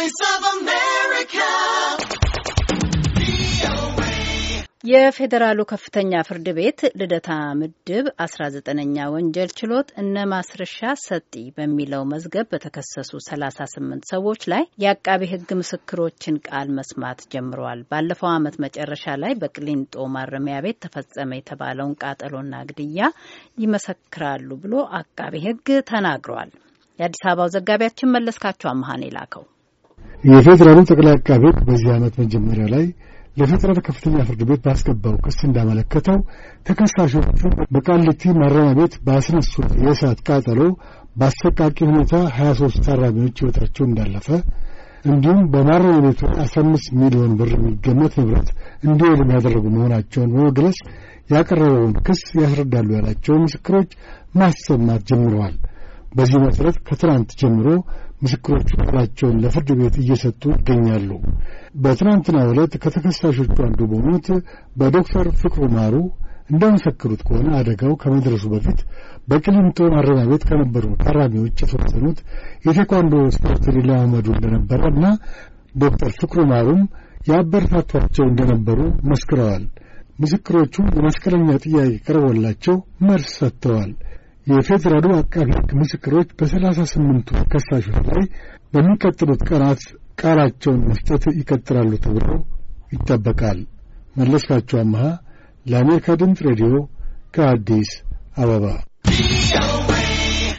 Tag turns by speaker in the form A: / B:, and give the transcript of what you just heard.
A: Voice of America. የፌዴራሉ ከፍተኛ ፍርድ ቤት ልደታ ምድብ 19ኛ ወንጀል ችሎት እነ ማስረሻ ሰጢ በሚለው መዝገብ በተከሰሱ 38 ሰዎች ላይ የአቃቢ ሕግ ምስክሮችን ቃል መስማት ጀምረዋል። ባለፈው ዓመት መጨረሻ ላይ በቅሊንጦ ማረሚያ ቤት ተፈጸመ የተባለውን ቃጠሎና ግድያ ይመሰክራሉ ብሎ አቃቢ ሕግ ተናግሯል። የአዲስ አበባው ዘጋቢያችን መለስካቸው አመሀን የላከው
B: የፌዴራሉ ጠቅላይ አቃቤ በዚህ ዓመት መጀመሪያ ላይ ለፌዴራል ከፍተኛ ፍርድ ቤት ባስገባው ክስ እንዳመለከተው ተከሳሾቹ በቃሊቲ ማረሚያ ቤት ባስነሱት የእሳት ቃጠሎ በአሰቃቂ ሁኔታ 23 ታራሚዎች ሕይወታቸው እንዳለፈ እንዲሁም በማረሚያ ቤቱ 15 ሚሊዮን ብር የሚገመት ንብረት እንዲወድም ያደረጉ መሆናቸውን በመግለጽ ያቀረበውን ክስ ያስረዳሉ ያላቸውን ምስክሮች ማሰማት ጀምረዋል። በዚህ መሠረት ከትናንት ጀምሮ ምስክሮቹ ቃላቸውን ለፍርድ ቤት እየሰጡ ይገኛሉ። በትናንትና ዕለት ከተከሳሾቹ አንዱ በሆኑት በዶክተር ፍቅሩ ማሩ እንደመሰከሩት ከሆነ አደጋው ከመድረሱ በፊት በቅሊንጦ ማረሚያ ቤት ከነበሩ ታራሚዎች የተወሰኑት የቴኳንዶ ስፖርት ሊለማመዱ እንደነበረ እና ዶክተር ፍቅሩ ማሩም ያበረታቷቸው እንደነበሩ መስክረዋል። ምስክሮቹ የመስቀለኛ ጥያቄ ቀርቦላቸው መልስ ሰጥተዋል። የፌዴራሉ አቃቢ ሕግ ምስክሮች በሰላሳ ስምንቱ ከሳሾች ላይ በሚቀጥሉት ቀናት ቃላቸውን መስጠት ይቀጥላሉ ተብሎ ይጠበቃል። መለስካቸው አመሃ ለአሜሪካ ድምፅ ሬዲዮ ከአዲስ አበባ